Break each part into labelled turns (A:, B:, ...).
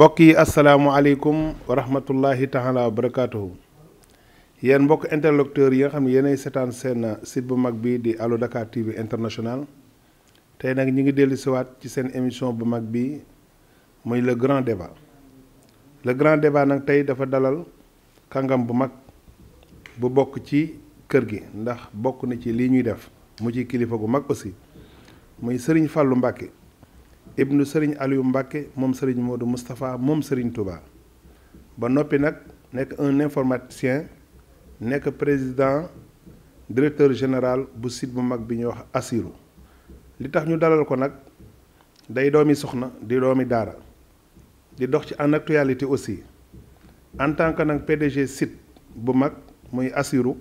A: Boki Assalamualaikum alaikum wa rahmatullahi taala wa Yen bok mbokk interlocuteurs yi nga xamni yene setan sen site bu mag bi di Allo Dakar TV international Tay nak ñi ngi ci wat ci sen émission bu mag bi moy le grand débat le grand débat nak tay dafa dalal kangam bu mag bu bok ci kër gi ndax bok na ci li ñuy def mu ci kilifa gu mag aussi Moy Serigne Fallou Mbacké ibnu sëriñ Aliou Mbacke moom sëriñ Modou Moustapha moom sëriñ Touba ba noppi nag nekk un informaticien nekk président directeur général bu site bu mag bi ñuy wax Assirou li tax ñu dalal ko nag day doomi soxna di doomi daara di dox ci en actualité aussi en tant que nag PDG site bu mag muy Assirou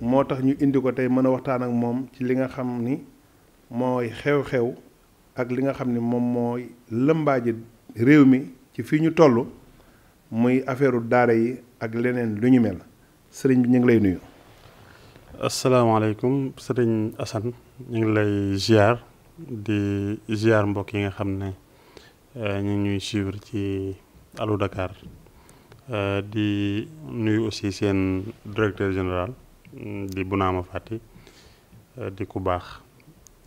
A: moo tax ñu indi ko tey mën a waxtaan ak moom ci li nga xam ni mooy xew-xew. ak li nga xam ne moom mooy lëmbaaji réew mi ci fii ñu toll muy affaire daara yi ak leneen lu ñu mel sëriñ bi ñu ngi lay nuyu.
B: asalaamaaleykum sëriñ Assane ñu ngi lay ziar di ziar mbokk yi nga xam ne eh, ñu ñuy suivre ci Allo Dakar eh, di nuyu aussi seen directeur général di Bounama Fati eh, di ku baax.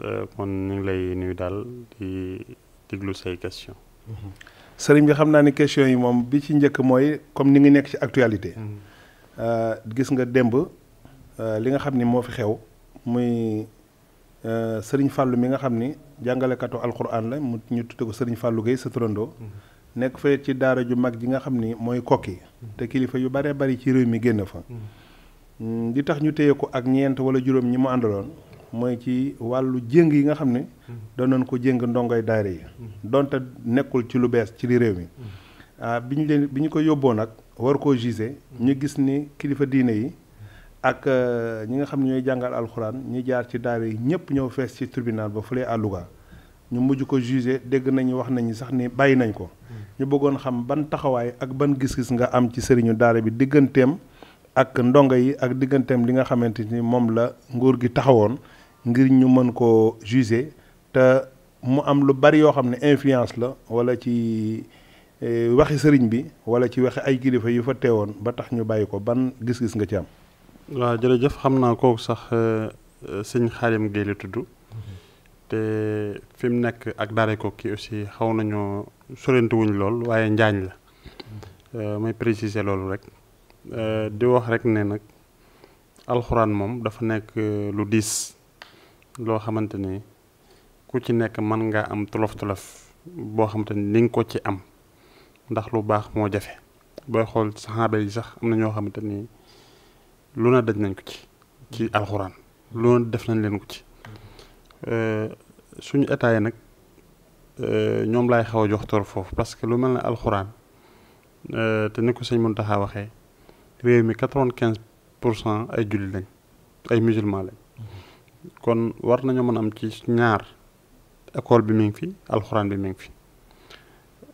B: Euh, kon ñu ngi lay nuyu daal di diglu say question mhm.
A: sëriñ bi xam naa ni question yi moom bi ci njëkk mooy comme ni ngi nekk ci actualité mhm. euh, gis nga démb euh, li nga xam ni moo fi xew muy sëriñ fàllu mi nga xam ni jàngalekatu alxuraan la mu ñu tudde ko sëriñ fàllu Guèye sa turandoo mhm. nekk fa ci daara ju mag ji nga xam ni mooy kokki te kilifa yu bare bari ci réew mi génn fa li mm, tax ñu téye ko ak ñeent wala juróom ñi mu àndaloon mooy ci wàllu jéng yi nga xam ne danoon ko jéng ndongoy daara yi donte nekkul ci lu bees ci li réew mi mm-hmm. ah, bi ñu leen bi ñu ko yóbboo nag war ko gisee mm-hmm. ñu gis ni kilifa diine yi ak euh, ñi nga xam ne ñooy jàngal alxuraan ñi jaar ci daara yi ñëpp ñëw fees ci tribunal ba fële à Louga ñu mujj ko jugé dégg nañu wax nañu sax ni bàyyi nañ ko mm-hmm. ñu bëggoon xam ban taxawaay ak ban gis-gis nga am ci sëriñu daara bi digganteem ak ndongo yi ak digganteem li nga xamante ni moom la nguur gi taxawoon ngir ñu mën koo juger te mu am lu bari yoo xam ne influence la wala ci eh, waxi sëriñ bi wala ci waxi ay kilifa yu fa teewoon ba tax ñu bàyyi ko ban gis-gis nga ci am.
B: waaw jërëjëf xam naa kooku sax eh, sëñ Xaadim Gueye la tudd mhm. te fi mu nekk ak daare ko kii aussi xaw nañoo sorente wuñ lool waaye njaañ la mhm. eh, may préciser loolu rek di wax rek ne nag alxuraan moom dafa nekk lu diis. loo xamante ne ku ci nekk man ngaa am tolof-tolof boo xamante ni ni nga ko ci am ndax lu baax moo jafe booy xool saxaaba yi sax am na ñoo xamante ni lu na daj nañ ko ci ci alxuraan lu na def nañ leen ko ci euh, suñu état yi nag euh, ñoom laay xaw a jox tor foofu parce que lu mel ne alxuraan euh, te ni ko sëñ Mountakha waxee réew mi quatre-vingt-quinze pour cent ay julli lañ ay musulman lañ kon war nañoo mën am ci ñaar école bi mi ngi fi alxuraan bi mi ngi fi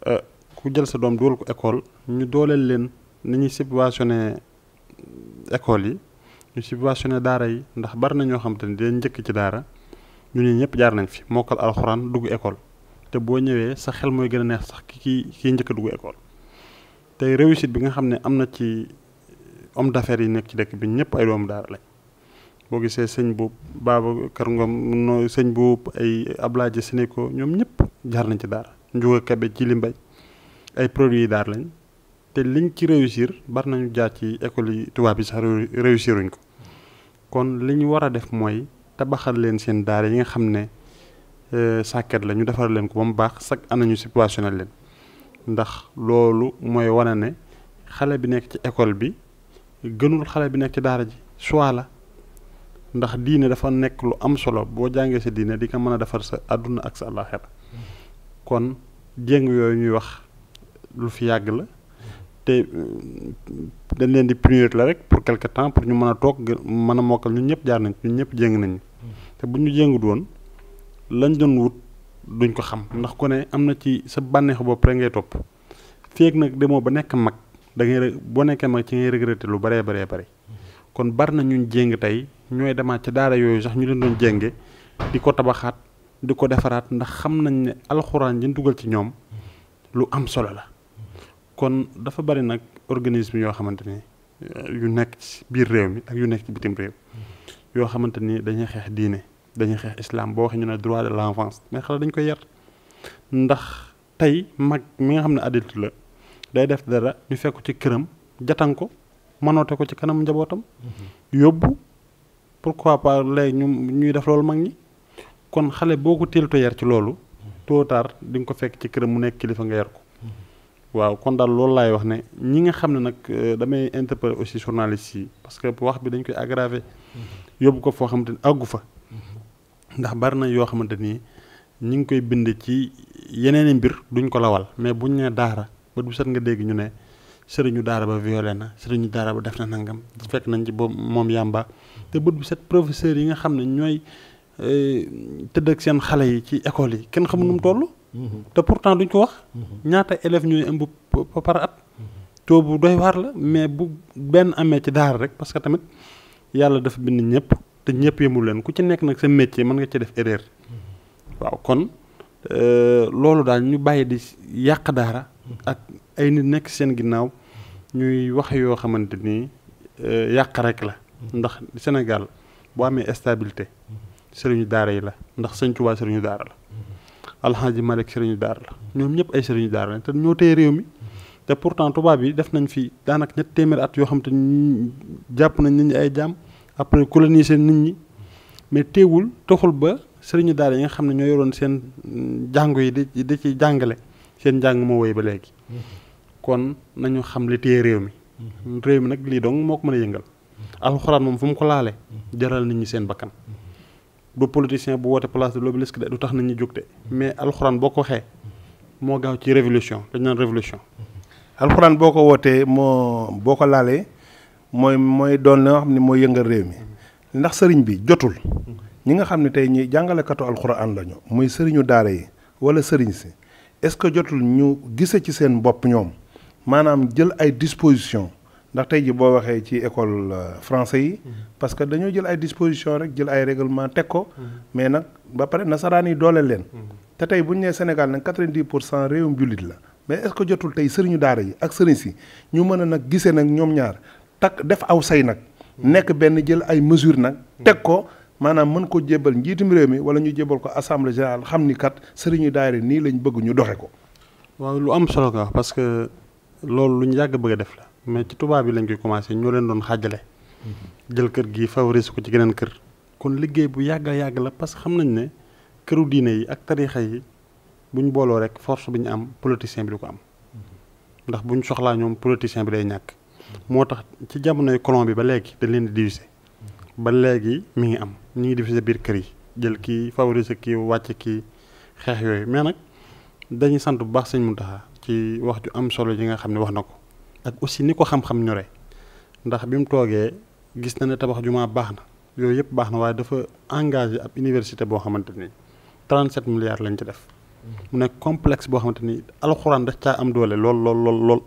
B: euh, ku jël sa doom dugal ko école ñu dooleel leen ni ñuy subventionné école yi ñu subventionné daara yi ndax bari na ñoo xam te ne dinañ njëkk ci daara ñu ne ñëpp jaar nañ fi mokkal alxuraan dugg école te boo ñëwee sa xel mooy gën a neex sax ki kii kii njëkk dugg école te réussit bi nga xam ne am na ci om d'affaires yi nekk ci dëkk bi ñëpp ay doomu daara lañ. boo gisee sëñ bu Babacar Ngom no sëñ bu ay abla Ablaye Sénéko ñoom ñëpp jaar nañ ci daara njuga kabe ci li mbay ay produits yi daar lañ te liñ ci réussir bari nañu jaar ci école yi tubaab yi sax réussiruñ ko kon li ñu war a def mooy tabaxal leen seen daara yi nga xam ne euh, sàkket la ñu defar leen ko ba mu baax chaque année ñu subventionné leen ndax loolu mooy wane ne xale bi nekk ci école bi gënul xale bi nekk ci daara ji choix la ndax diine dafa nekk lu am solo boo jàngee sa diine di ko mën a defar sa àdduna ak sa àllaaxira kon jéng yooyu ñuy wax lu fi yàgg la te mm, dañ leen di punir la rek pour quelque temps pour ñu mën a toog mën a mokkal ñun ñëpp jaar nañ ñun ñëpp jéng nañ te bu ñu jéngut woon lañ doon wut duñ ko xam ndax ku ne am na ci sa bànneexu bopp rek ngay topp feeg nag demoo ba nekk mag da ngay boo nekkee mag ci ngay regretter lu baree baree bare kon bar na ñun jeng tay ñoy dama ci daara yoyu sax ñu leen doon jenge di ko tabaxaat di ko defaraat ndax xam nañ ne alxuraan jën dugal ci ñoom lu am solo la kon dafa bari nak organisme yo xamanteni eh, yu nekk ci biir réew mi ak yu nekk ci bitim réew yo xamanteni dañuy xex diine dañuy xex islam bo waxee ñu ne droit de l'enfance mais xala dañ koy yar ndax tay mag mi nga xam adulte la day def dara ñu fekk ci kërëm jatan ko mënoote ko ci kanam njabootam. Mm-hmm. yóbbu pourquoi pas lay ñu ñuy def loolu mag ñi kon xale boo ko teelut a yar ci loolu. Mm-hmm. tôt ou tard di ko fekk ci këram mu nekk kilifa nga yar ko. Mm-hmm. waaw kon daal loolu laay wax ne ñi nga xam ne nag euh, damay interpeller aussi journaliste yi parce que wax bi dañ koy aggraver yóbbu ko foo xamante ni àggu fa ndax bari na yoo xamante ni ñi ngi koy bind ci yeneen i mbir duñ ko lawal mais buñ ne daara ba du set nga dégg ñu ne. sëriñu daara ba violé na sëriñu daara ba def na nangam fekk nañ ci boobu moom yàmba te bët bi set professeurs yi nga xam ne ñooy euh, tëdd ak seen xale yi ci école yi kenn xamul nu mu toll. Mhm. te pourtant duñ ko wax. Mhm. ñaata élèves ñooy ëmb par at. taux bu doy waar la mais bu benn amee ci daara rek parce que tamit yàlla dafa bind ñëpp te ñëpp yemul leen ku ci nekk nag sa métier mën nga ci def erreur. Mhm. waaw kon euh, loolu daal ñu bàyyi di yàq daara ak. ay nit nekk seen ginnaaw ñuy wax yoo xamante ni euh, yàq rek la mm-hmm. ndax Sénégal boo amee stabilité mm-hmm. sëriñu daara yi la ndax sëñ Tuubaa sëriñu daara la mm-hmm. alxaaji Malik sëriñu daara la ñoom ñëpp ay sëriñu daara la ñoo tey réew mi te pourtant tubaab yi def nañ fi daanaka ñett téeméer at yoo xam te ni jàpp nañ nit ñi ay jaam après seen nit ñi mais teewul taxul ba sëriñu daara yi nga xam ne ñoo yoroon seen mm, jàngu yi di di ci jàngale seen jàng moo woy ba léegi kon nañu xam li téye réew mi réew mi nag lii dong moo ko mën a yëngal alxuraan moom fu mu ko laale jaral nit ñi seen bakkan du politicien bu woote place de l'Obélisque de du tax nit ñi jóg de mais alxuraan boo ko waxee moo gaaw ci révolution dañ naan révolution
A: alxuraan boo ko wootee moo boo ko laalee mooy mooy doon la nga mooy yëngal réew mi ndax sëriñ bi jotul ñi nga xam ne tey ñi jàngalekatu alxuraan lañu muy sëriñu daara yi wala sëriñ si est-ce que jotul ñu gise ci seen bopp ñoom maanaam jël ay dispositions ndax tey ji boo waxee ci école euh, francais yi. Mhm. parce que dañoo jël ay disposition rek jël ay règlement teg ko. Mhm. mais nag ba pare nasaraan yi dooleel leen. Mhm. te tey bu ñu nee Sénégal nag quatre-vingt-dix pour cent réewum jullit la mais est jotul tey sëriñu daara yi ak sëriñ si ñu mën a nag gisee nag ñoom ñaar takk def aw say nag. nekk benn jël ay mesures nag. teg ko maanaam mën ko jébbal njiitum réew mi wala ñu jébbal ko assemblée générale xam ni kat sëriñu daara nii lañ bëgg ñu doxe ko.
B: loolu lu ñu yàgg bëgg def la mais ci tubaab bi lañ koy commencé ñoo leen doon xaajale jël kër gi favoriser ko ci geneen kër kon liggéey bu yàgg yàgg la parce que xam nañ ne këru diine yi ak tarixa yi buñ ñu booloo rek force bi ñu am politicien bi du ko am ndax buñ ñu soxlaa ñoom politicien bi lay ñàkk moo tax ci jamonoy colon bi ba léegi dañ leen di divisé ba léegi mi ngi am ñu ngi divisé biir kër yi jël kii favoriser kii wàcc kii xeex yooyu mais nag dañuy sant bu baax sëñ Muntaxa ci wax ju am solo ji nga xam wax nako ak aussi ni ko xam-xam ñore ndax bim mu gis na ne tabax juma baxna yoy yep baxna way dafa engager ab université bo xamanteni 37 milliards lañ ci def mu nek complexe bo xamanteni ni da ca am doole lol lol lol lol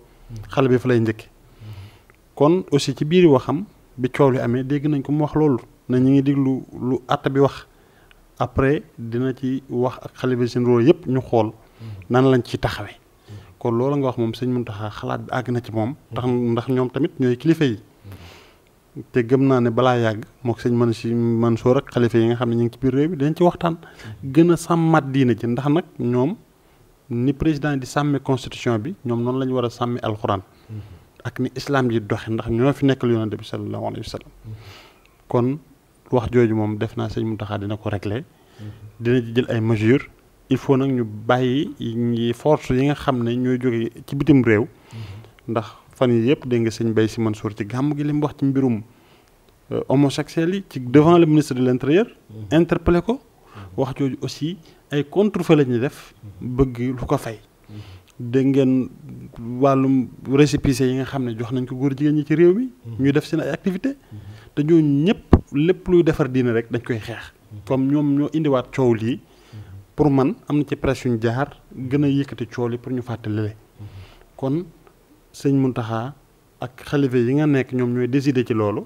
B: xale bi fa lay kon aussi ci biir waxam bi ciowlu li dégg nañ ko mu wax lol na ñi ngi lu atta bi wax après dina ci wax ak xalé bi sen rôle yep ñu xol nan lañ ci taxawé kon loola nga wax moom sëñ Muntaxa xalaat bi àgg na ci moom tax ndax ñoom tamit ñooy kilifa yi te gëm naa ne balaa yàgg mook sëñ man si man soo rek xalifa yi nga xam ne ñu ngi ci biir réew bi dañ ci waxtaan gën a sàmmat diina ji ndax nag ñoom ni président di sàmme constitution bi ñoom noonu la ñu war a ak ni islam yi doxe ndax ñoo fi nekkal yonante bi sallallahu alayhi wa kon wax jooju moom def naa sëñ Muntaxa dina ko réglé dina ci jël ay mesures il faut nag ñu bàyyi ñi force yi nga xam ne ñooy jóge ci bitim réew mm-hmm. ndax fan yi yëpp dégg nga sëñ Bay Si man Mansour ci gàmm gi li mu wax ci mbirum euh, homosexuels yi ci devant le ministre de l'intérieur mm-hmm. interpellé ko mm-hmm. wax jooju aussi ay contre-feu la ñuy def bëgg lu ko fay dégg ngeen wàllum récépissé yi nga xam ne jox nañ ko góor jigéen ñi ci réew mi ñuy def seen activité te ñooñu ñëpp lépp luy defar diine rek dañ koy xeex comme ñoom ñoo indiwaat coow lii pour man amna ci pression jaar gëna yëkëti cioli pour ñu fatalé kon señ muntaha ak xalife yi nga nyom ñom ñoy décider ci lolu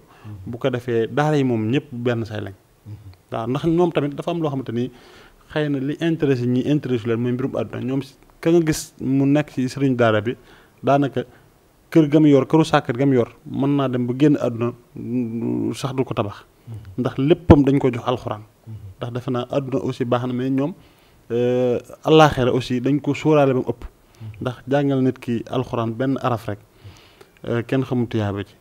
B: bu ko défé daara yi mom ñëpp ben say lañ da ndax ñom tamit dafa am lo xamanteni xeyna li intéressé ñi intéressé leen moy mbirum aduna ñom ka nga gis mu nek ci señ daara bi daanaka kër gam yor këru sakkat gam yor mën na dem bu génn aduna mm, sax du ko tabax ndax leppam dañ ko jox alcorane ndax aussi baxna mais allaaxira euh, aussi dañ ko sóoraale ba mu ëpp ndax jàngal nit ki alxuraan benn araf rek euh, kenn xamul tuyaaba ci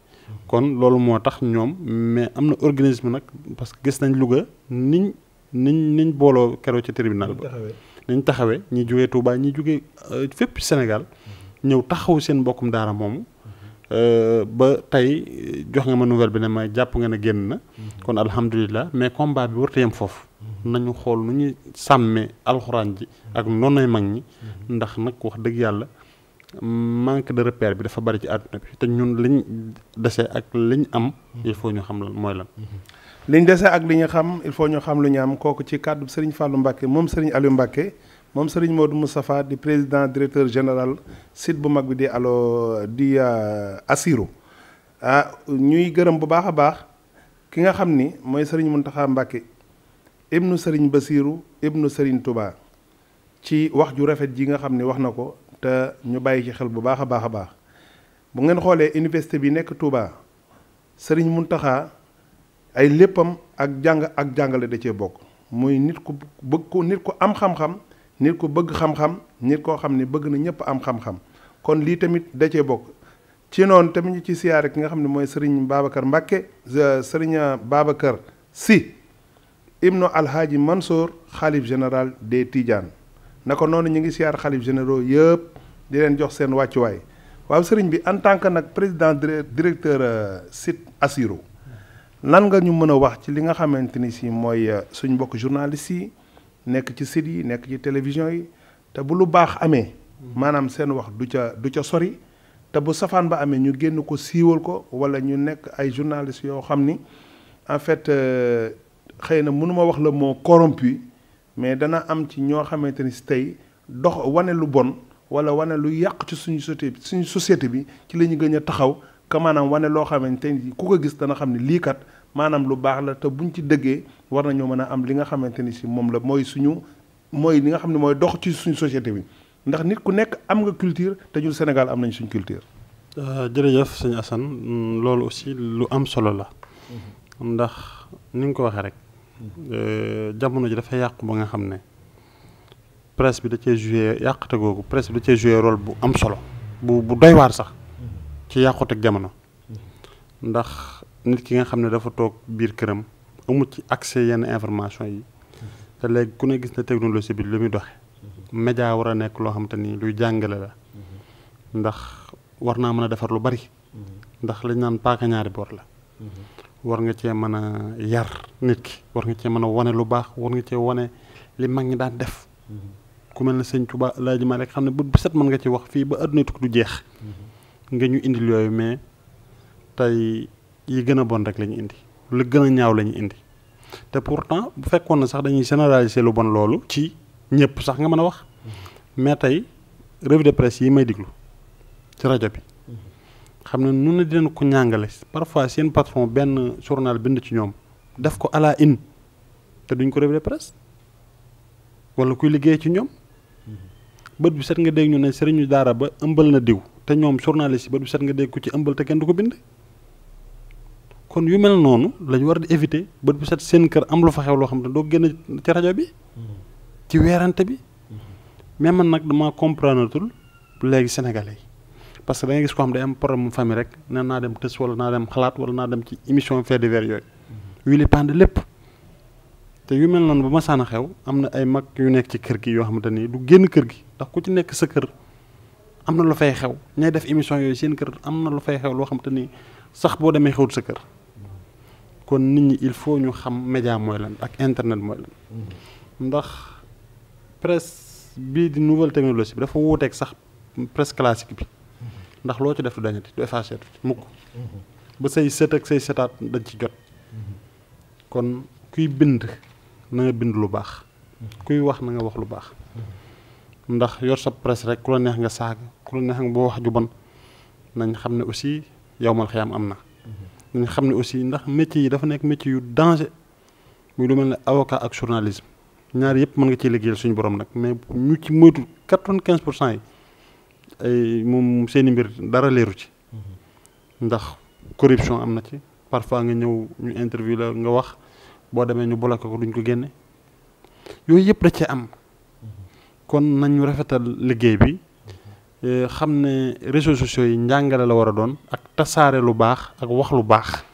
B: kon loolu moo tax ñoom mais am na organisme nag parce que gis nañ Louga niñ niñ niñ booloo keroo ci tribunal ba niñ taxawee ñi jógee Touba ñi jóge euh, fépp Sénégal ñëw taxaw seen mbokkum daara moomu ba tey jox nga ma nouvelle bi ne ma jàpp nga ne génn na mmh. kon alhamdulilah mais combat bi warta yem foofu nañu xool nu ñuy sàmmee alxuraan ji ak noonay mag ñi mm-hmm. ndax nag wax dëgg yàlla manque de repère bi dafa bari ci àdduna bi te ñun liñ dese ak liñ am mm-hmm. il faut ñu xam lan mooy lan mm-hmm.
A: liñ dese ak li ñu xam il faut ñu xam lu ñu am kooku ci kàddu Serigne Fallou Mbacké moom Serigne ali Mbacké moom Serigne Modou Moustapha di président directeur général site bu mag bi di aloo di euh, Assirou ah ñuy gërëm bu baax a baax ki nga xam ni mooy Serigne Mountakha Mbacké ibnu sëriñ basiiru ibnu sëriñ tubaa ci wax ju rafet ji nga xam ne wax na ko te ñu bàyyi ci xel bu baax a baax a baax bu ngeen xoolee université bi nekk Touba sëriñ mun Muntaxa ay léppam ak jàng ak jàngale da cee bokk muy nit ku bëgg ko nit ku am xam-xam nit ku bëgg xam-xam nit koo xam ne bëgg na ñëpp am xam-xam kon lii tamit da cee bokk ci noonu tamit ñu ci siyaare ki nga xam ne mooy sëriñ Babacar Mbàkke sëriñ Babacar Si ibnu alhaji mansour khalif general de tidiane nako noonu ñi ngi siar khalif généraux yëpp di len jox waccu way waaw sëriñ bi en tant que nak président directeur euh, site asiro lan nga ñu mëna wax ci li nga xamanteni ni si mooy euh, suñ mbokk journaliste yi nek ci site yi nek ci télévision yi te bu lu baax amé manam sen wax du ca du ca sori te bu ba amé ñu génn ko siwol ko wala ñu nek ay journaliste yo xamni afet en fait euh, xëy na mënuma wax la moo corrompu mais dana am ci ñoo xamante ni tey dox wane lu bon wala wane lu yàq ci suñu société suñu société bi ci la ñu gën a taxaw que maanaam wane loo xamante ni ku ko gis dana xam ne lii kat maanaam lu baax la te buñ ci dëggee war na ñoo mën a am li nga xamante ni si moom la mooy suñu mooy li nga xam ne mooy dox ci suñu société bi ndax nit ku nekk am nga culture te jul Sénégal am nañ suñu culture.
B: Euh, jërëjëf sëñ Assane loolu aussi lu am solo la. Mm-hmm. ndax ni nga ko waxee rek. Euh, jamono ji dafa yàqu ba nga xam ne presse bi da cee joué yàqute googu presse bi da cee joué role bu am solo bu bu doy waar sax ci yàqute jamono ndax nit ki nga xam ne dafa toog biir këram mu ci accès yenn information yi te léegi ku ne gis ne technologie bi lu muy doxe média war a nekk loo xam te ni luy jàngale la ndax war naa mën a defar lu bari ndax lañ naan paaka ñaari boor la war nga cee mën yar nit ki war nga cee mën a wane lu baax war nga cee wane li mag ñi daan def mm-hmm. ku mel ne sëñ Tuba Alaaji Maalik xam ne bu set mën nga ci wax fii ba aduna tukki du jeex mm-hmm. nga ñu indil yooyu mais tey yi gën a bon rek lañu indi lu gën a ñaaw lañu indi te pourtant bu fekkoon na sax dañuy généraliser lu bon loolu ci ñëpp sax nga mën a wax mm-hmm. mais tey revue de presse yi may diglu ci rajo bi xam ne nu na dinañ ko ñàngale parfois seen patron benn journal bind ci ñoom def ko à la te duñ ko revue de presse wala kuy liggéey ci ñoom bët bu set nga dégg ñu ne sëriñu daara ba ëmbal na diw te ñoom journaliste yi bët bu set nga dégg ko ci ëmbal te kenn du ko bind kon yu mel noonu lañu war di éviter bët bu set seen kër am lu fa xew loo xam ne doo génn ci rajo bi ci weerante bi mm-hmm. mais man nag dama comprendre léegi sénégalais parce que da ngay gis ko xam day am problème mu famille rek nee naa dem tës wala naa dem xalaat wala naa dem ci émission fait verre yooyu yu dépend de lépp te yu mel noonu ba ma saan xew am na ay mag yu nekk ci kër gi yoo xamante ni du génn kër gi ndax ku ci nekk sa kër am na lu fay xew ñay def émission yooyu seen kër am na lu fay xew loo xamante ni sax boo demee xewut sa kër kon nit ñi il faut ñu xam média mooy lan ak internet mooy lan ndax presse bii di nouvelle technologie bi dafa wuuteeg sax presse classique bi ndax lo ci def du dañati du effacer mukk ba say set ak say setat dañ ci jot kon kuy bind na nga bind lu bax kuy wax na nga wax lu bax ndax yor sa presse rek ku la neex nga saaga ku la neex nga bo wax ju bon nañ xamne aussi yawmal khiyam amna na nañ xamne aussi ndax métier yi dafa nek métier yu danger muy lu melni avocat ak journalisme ñaar yëpp mën nga ci liggéeyal suñu borom nak mais ñu ci moytu 95% yi ay moom seeni mbir dara leeru ci mm-hmm. ndax corruption am na ci parfois nga ñëw ñu interview la nga wax boo demee ñu bloqué ko duñ ko génne yooyu yëpp da cee am mm-hmm. kon nañu rafetal liggéey bi mm-hmm. eh, xam ne réseaux sociaux yi njàngale la war a doon ak tasaare
A: lu baax ak wax lu baax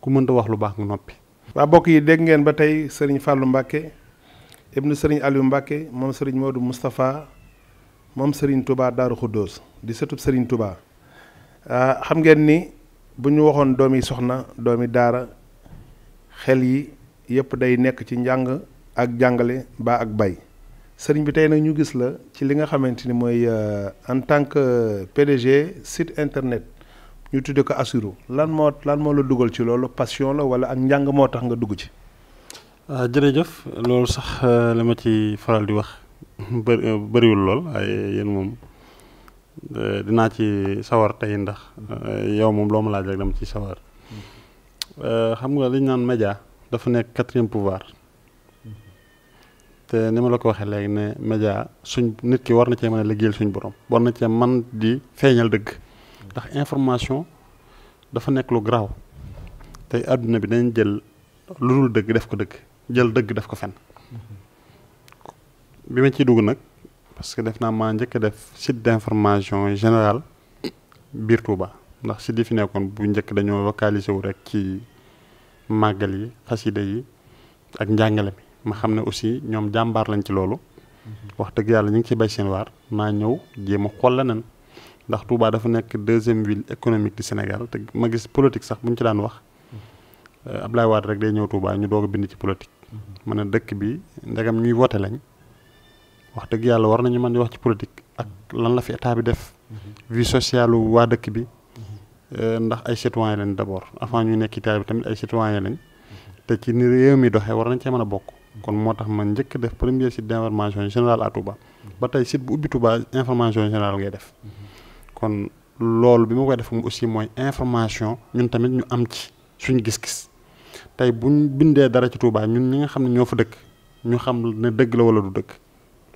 A: ku mënta wax lu baax nga noppi waa bokk yi dégg ngeen ba tey sëriñ Fallou Mbacké ibnu sëriñ Aliou Mbacké moom sëriñ Modou Moustapha mom Serigne Touba daru Khoudoos di setup Serigne Touba ah, xam ngeen ni buñu waxon domi soxna domi dara xel yi yep day nek ci njang ak jangale ba ak bay serigne bi tay nak ñu gis la ci li nga xamanteni moy euh, en tant que euh, PDG site internet ñu tuddé ko Assuru lan mo lan mo la duggal ci lolu passion la wala ak njang mo tax nga dugg ci.
B: Ah, jërëjëf loolu sax euh, li ma ci faral di wax. Eh, bëriwul lool waaye yéen moom eh, dinaa ci sawar tey ndax eh, yow moom loo ma laaj rek dama ci sawar xam nga li ñu naan média dafa nekk meja. pouvoir te ni ma la ko waxee léegi ne suñ nit ki war na suñ borom war na cee man di feeñal dëgg ndax information dafa nekk lu garaaw tey àdduna bi dañ jël lu dul dëgg def ko dëgg jël dëgg def ko fenn bi ma ciy dugg nag parce que def naa maa njëkk def site d' information générale biir Touba ndax site yi fi nekkoon bu njëkk dañoo localisé wu rek ci màggal yi xasida yi ak njàngale bi ma xam ne aussi ñoom jàmbaar lañ ci loolu. Mhm. wax dëgg yàlla ñu ngi ci bay seen waar naa ñëw jéem a xool leneen ndax Touba dafa nekk deuxième ville économique du Sénégal te ma gis politique sax bu ci daan wax. Mhm. Ablaye Wade rek day ñëw Touba ñu doog bind ci politique. Mhm. ma dëkk bi ndegam ñuy woote lañ wax deug yalla war nañu man di wax ci politique ak lan la fi état bi def vie sociale wa dëkk bi euh, ndax ay citoyen lañ d'abord avant ñu nekk état bi tamit ay citoyen lañ te ci ni réew mi doxé war nañ ci mëna bokk kon motax man jëk def premier site d'information information générale à Touba ba tay site bu ubbi Touba information générale ngay def kon loolu bi ma koy def mu aussi mooy information ñun tamit ñu am ci suñu gis-gis tey buñ bindee dara ci Touba ñun ñi nga xam ne ñoo fa dëkk ñu xam ne dëgg la wala du dëgg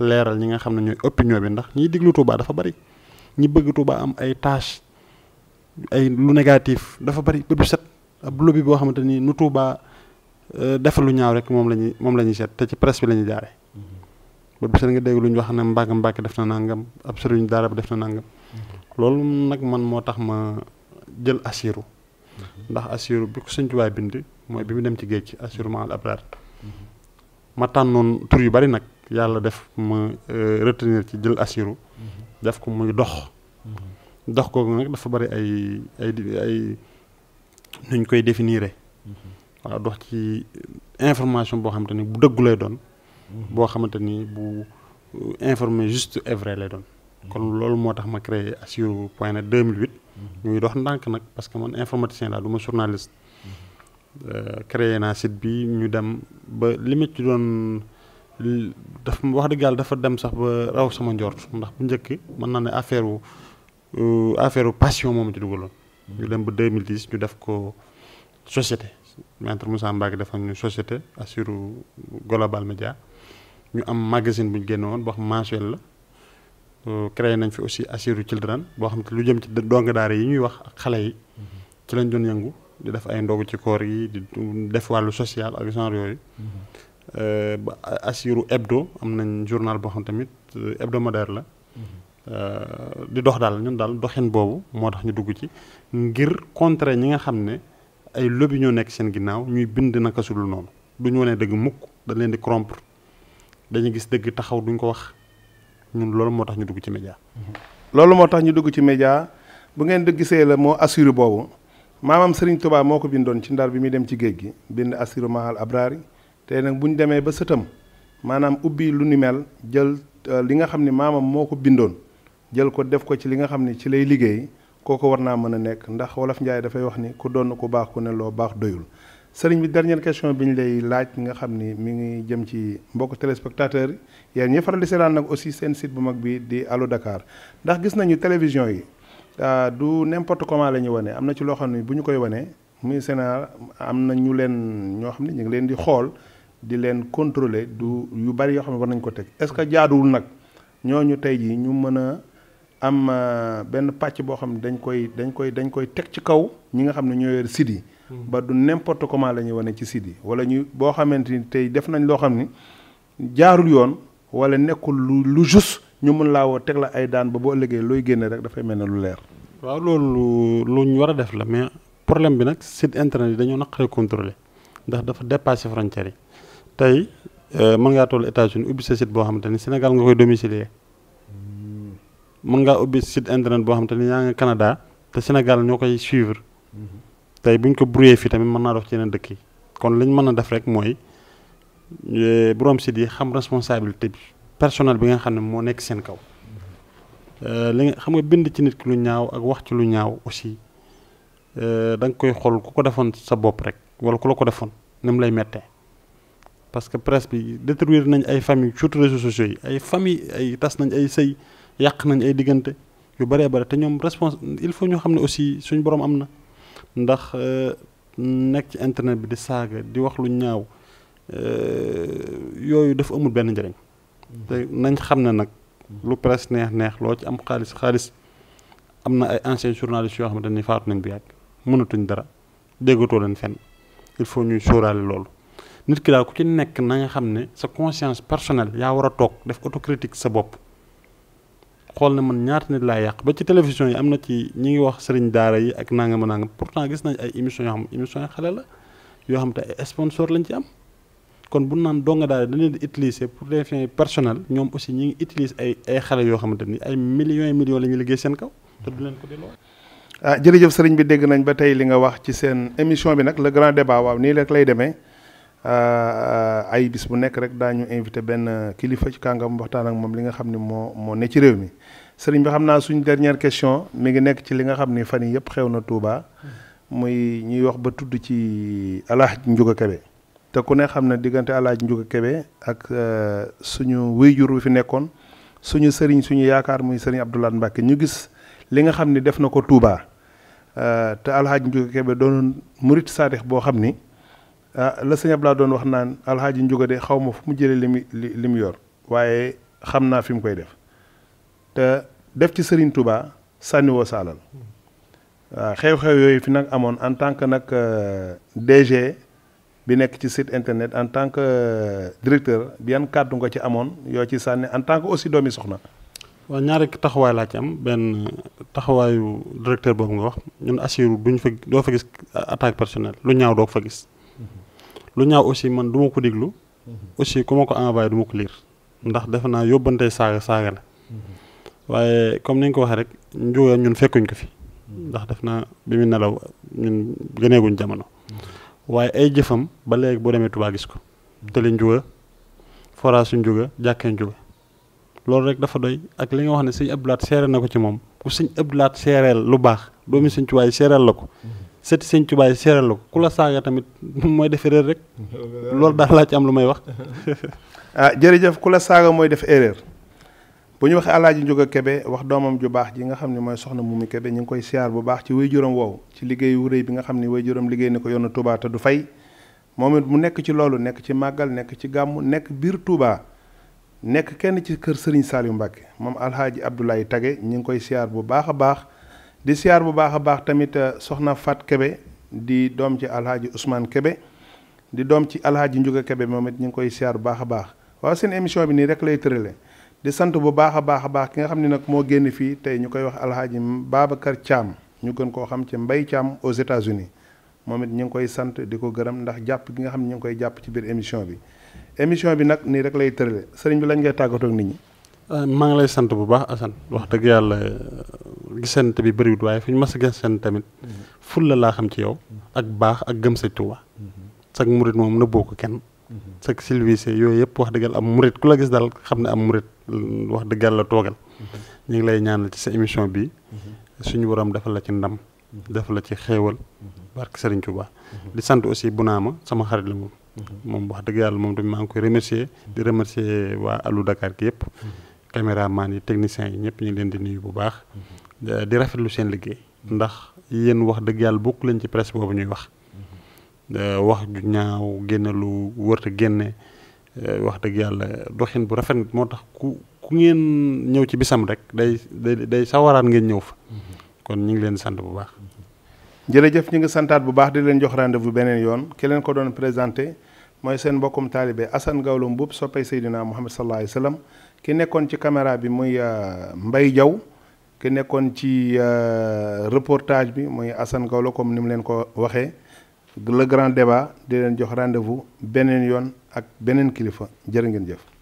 B: leeral ñi nga xam ne ñooy opinion bi ndax ñiy diglu Touba dafa bari ñi bëgg Touba am ay tâche ay lu négatif dafa bari ba du set ab lobby boo xamante ni nu Touba euh, defal lu ñaaw rek moom la ñuy moom la ñuy seet te ci presse bi la ñuy jaare mm-hmm. ba du set nga dégg lu ñu wax ne mbàkk mbàkk def na nangam ab sëriñ daara bi def na nangam mm-hmm. loolu nag man moo tax ma jël asiru mm-hmm. ndax asiru bi ko sëñ bind mooy bi mu dem ci géej ci asiru ma al abrar ma tànnoon tur yu bari nag. yàlla def ma euh, retenir ci jël asiru mm-hmm. def ko muy dox mm-hmm. dox ko nag dafa bari ay ay ay nuñ koy définiré mm-hmm. waaw dox ci information boo xamante ni bu dëggu lay doon boo xamante ni bu euh, informé juste et vrai lay doon kon loolu moo tax ma créé assure point net 2008 ñuy dox ndànk nag parce que man informaticien laa du ma journaliste euh, créé naa site bi ñu dem ba limite ci doon daf wax dëgg yàlla dafa dem sax ba raw sama njort ndax bu njëkk mën na ne affaire wu affaire passion moom ci dugaloon. ñu dem ba 2010 ñu def ko société maître Moussa Mbacke dafa ñu société assure global media ñu am magazine buñu ñu génne woon boo xam mensuel la créé nañ fi aussi assure children boo xam lu jëm ci donga daara yi ñuy wax ak xale yi mhm. ci lañ doon yëngu di def ay ndogu ci koor yi di def wàllu social ak genre yooyu mhm euh asiru Hebdo am journal bo xam tamit euh, hebdomadaire la euh, di dox dal, ñun dal doxen bobu mo tax ñu dugg ci ngir contrer ñi nga xamne ay lobby ñoo nek seen ginnaw ñuy bind naka non du ñu wane deug
A: mukk da leen di corrompre dañu gis deug taxaw duñ ko wax ñun loolu mo tax ñu dugg ci media loolu mo tax ñu dugg ci media bu ngeen dëgg gisee la mo assuré bobu maamam Serigne Touba moo ko ci ndar bi mi dem ci bind mahal abrari tey nag bu ñu demee ba sëtam maanaam ubbi lu ni mel jël euh, li nga xam ni maamam moo ko bindoon jël ko def ko ci li nga xam ni ci lay liggéey kooku war naa mën a nekk ndax wolof njaay dafay wax ni ku doon ku baax ku ne loo baax doyul. sëriñ bi dernière question bi ñu lay laaj nga xam ni mi ngi jëm ci mbokk téléspectateurs yi yéen ñi faral di seetaan nag aussi seen sit bu mag bi di alu Dakar ndax gis nañu télévision yi euh, du n'importe comment la ñu wane am na ci loo xam ne bu ñu koy wane muy Sénégal am na ñu leen ñoo xam ne ñu ngi leen di xool. di leen contrôler du yu bari yoo xam ne war nañ ko teg est-ce que jaaduwul nag ñooñu tey jii ñu mën a am euh, benn pàcc boo xam ne dañ koy dañ koy dañ koy teg ci kaw ñi nga xam ne ñoo yor yi hmm. ba du n'importe la ñuy wane ci site yi wala ñu boo xamante ni tey def nañ loo xam ni jaarul yoon wala nekkul lu lu juste ñu mën laa woo teg la ay daan ba boo ëllëgee looy génne rek dafay mel ne lu leer.
B: waaw loolu lu ñu war a def la mais problème bi nag site internet yi dañoo naqaree contrôler ndax dafa dépassé frontières yi. euh man nga toll États-Unis ubi site bo xamanteni Sénégal nga koy domicilier man hmm. nga ubi site internet bo xamanteni ya nga Canada te Sénégal ñokay suivre hmm. tay buñ ko brouyé fi tamit man na dox ci yeneen dëkk kon liñ mëna def rek moy euh, borom site yi xam responsabilité bi personnel bi nga xamne mo nek sen kaw euh xam nga bind ci nit ki lu ñaaw ak wax ci lu ñaaw aussi da euh, dang koy xol ku ko defon sa bop rek wala ku la ko lay metté parce que presse bi détruire nañ ay famille surtout réseaux sociaux yi ay famille ay tas nañ ay sëy yàq nañ ay diggante yu bëree bëri te ñoom respons il faut ñoo xam ne aussi suñu borom am na ndax euh, nekk ci internet bi di saaga di wax lu ñaaw euh, yooyu dafa amul benn njëriñ te xam ne nag lu presse neex neex loo ci am xaalis xaalis am na ay anciens journalistes yoo xamante ni faatu nañ bi yàgg mënatuñ dara déggatoo leen fenn il faut ñuy sóoraale loolu nit ki daal ku ci nekk na nga xam ne sa conscience personnelle yaa war a toog def autocritique sa bopp xool ne man ñaata nit laay yàq ba ci télévision yi am na ci ñi ngi wax sëriñ daara yi ak nangam nangam pourtant gis nañ ay émission yoo xam émission yi xale la yoo xam te ay sponsor lañ ci am kon bu naan donga daal dañ leen di utiliser pour des fins personnels ñoom aussi ñi ngi utilise ay ay xale yoo xamante
A: ni ay millions millions la ñuy liggéey seen kaw
B: te du leen ko delloo
A: ah jërëjëf sëriñ bi dégg nañ ba tey li nga wax ci seen émission bi nag le grand débat waaw nii rek lay demee Euh, euh, ay bis bu nekk rek daañu invité benn kilifa ci kàngam waxtaan ak moom li nga xam ni mo moo ne ci réew mi sëriñ bi xam naa suñ dernière question mi ngi nekk ci li nga ni fan yi na Touba muy ñuy wax ba tudd ci alaaj Njuga Kebe te ku ne xam ne diggante Njuga Kebe ak euh, suñu wéyjur wi fi sunyi suñu sëriñ suñu yaakaar muy sëriñ Abdoulaye Mbacke ñu gis li nga xam ni def na ko Touba te alaaj Njuga Kebe doonoon murit saadix boo xam ah la sëñ laa doon wax naan alxaaji Njuga de xaw ma fu mu jëlee li mu li mu yor waaye xam naa fi mu koy def te def ci Serigne Touba sànniwoo saalal waaw ah, xew-xew yooyu fi nag amoon en tant que nag euh, DG bi nekk ci site internet en tant que euh, directeur bi yan kàddu nga ci amoon yoo ci sànni en tant que aussi doomi soxna.
B: waaw ñaari taxawaay laa ci am benn taxawaayu directeur boobu nga wax ñun Assirou duñ fa doo fa gis attaque personnelle lu ñaaw doo fa gis. lu ñaaw aussi man duma ko déglu mhm. aussi ku ma ko envoyé du ma ko liir ndax defe naa yóbbante saaga saaga la mhm. waaye comme ni nga ko waxee rek njuga ñun fekkuñ ko fi mhm. ndax def naa bi mu nelaw ñun gëneeguñ jamono waaye ay jëfam ba léegi boo demee Touba gis ko tëli njuga forage su njuga jàkkee njuga loolu rek dafa doy ak li nga wax ne sëñ Abdou Lahad na ko ci moom ku sëñ seereel lu baax doomi sëñ Tuubaa seereel la ko sëti sëñ Tuubaa yi seeral la ko ku la saaga tamit mooy def erreur rek loolu daal laaj am lu
A: may wax. ah jërëjëf ku la saaga mooy def erreur bu ñu waxee Alaaji Njóga Kebe wax doomam ju baax ji nga xam ne mooy soxna Mumi Kebe ñu ngi koy siyaar bu baax ci waajuram wow ci liggéey wu rëy bi nga xam ni ne waajuram liggéey na ko yoonu Tuubaa te du fay moom it mu nekk ci loolu nekk ci màggal nekk ci gàmm nekk biir Tuubaa nekk kenn ci kër Serigne Saliou Mbacke moom Alaaji Abdoulaye Tage ñu ngi koy siyaar bu baax a baax. di siyaar bu baax a baax tamit euh, soxna Fat Kebe di doom ci alhaaji Ousmane Kebe di doom ci alhaaji Njuga Kebe moom it ñu ngi koy siyaar bu baax a baax waaw seen émission bi nii rek lay tërale di sant bu baax a baax a baax ki nga xam ni nag moo génn fii tey ñu koy wax alhaaji Babacar caam ñu gën koo xam ci Mbay Thiam aux États-Unis moom it ñu ngi koy sant di ko gërëm ndax jàpp gi nga xam ne ñu ngi koy jàpp ci biir émission bi émission bi nag nii rek lay tërale sëriñ bi lañ ngay tàggatoo ak ñi. Euh, lay sant bu baax
B: yàlla gisante bi bëriwut waaye fi ñu mas a gisante tamit mm-hmm. la laa xam ci yow ak baax ak gëm sa Tuuba mm-hmm. sag murit moom nëbboo ko kenn mm-hmm. sag silvisé yooyu yëpp wax dëggal am murit ku la gis daal xam ne am murit wax dëggal la toogal ñu ngi lay ñaanal ci sa émission bi suñu borom defal la ci ndam defal la ci xéewal barke Serigne Touba di sant aussi bu ma sama xarit la moom moom wax dëgg yàlla moom tamit maa ngi koy remercier di remercier waa Allo Dakar yëpp caméraman yi techniciens yi ñëpp ñu ngi leen di nuyu bu baax di rafetlu seen liggéey ndax yéen wax dëgg yàlla bokk leen ci presse boobu ñuy wax mhm. euh, wax ju ñaaw génne lu wërta génne euh, wax dëgg yàlla doxin bu rafet moo tax ku ku ngeen ñëw ci bisam
A: rek day day day sawaraat ngeen ñëw fa mhm. kon ñu ngi leen sant bu baax mhm. jërëjëf ñu ngi santaat bu baax di leen jox rendez bu beneen yoon ki leen ko doon présenté mooy seen mbokkum taalibe Assane Gawlo Mboup soppee Seydina Muhammad sallallahu alayhi wa sallam ki nekkoon ci caméra bi muy euh, Mbaye Diaw ki nekkoon ci euh, reportage bi moy Assane Gawlo comme nim len ko waxé le grand débat di len jox rendez-vous benen yoon ak benen kilifa jërë ngeen jëf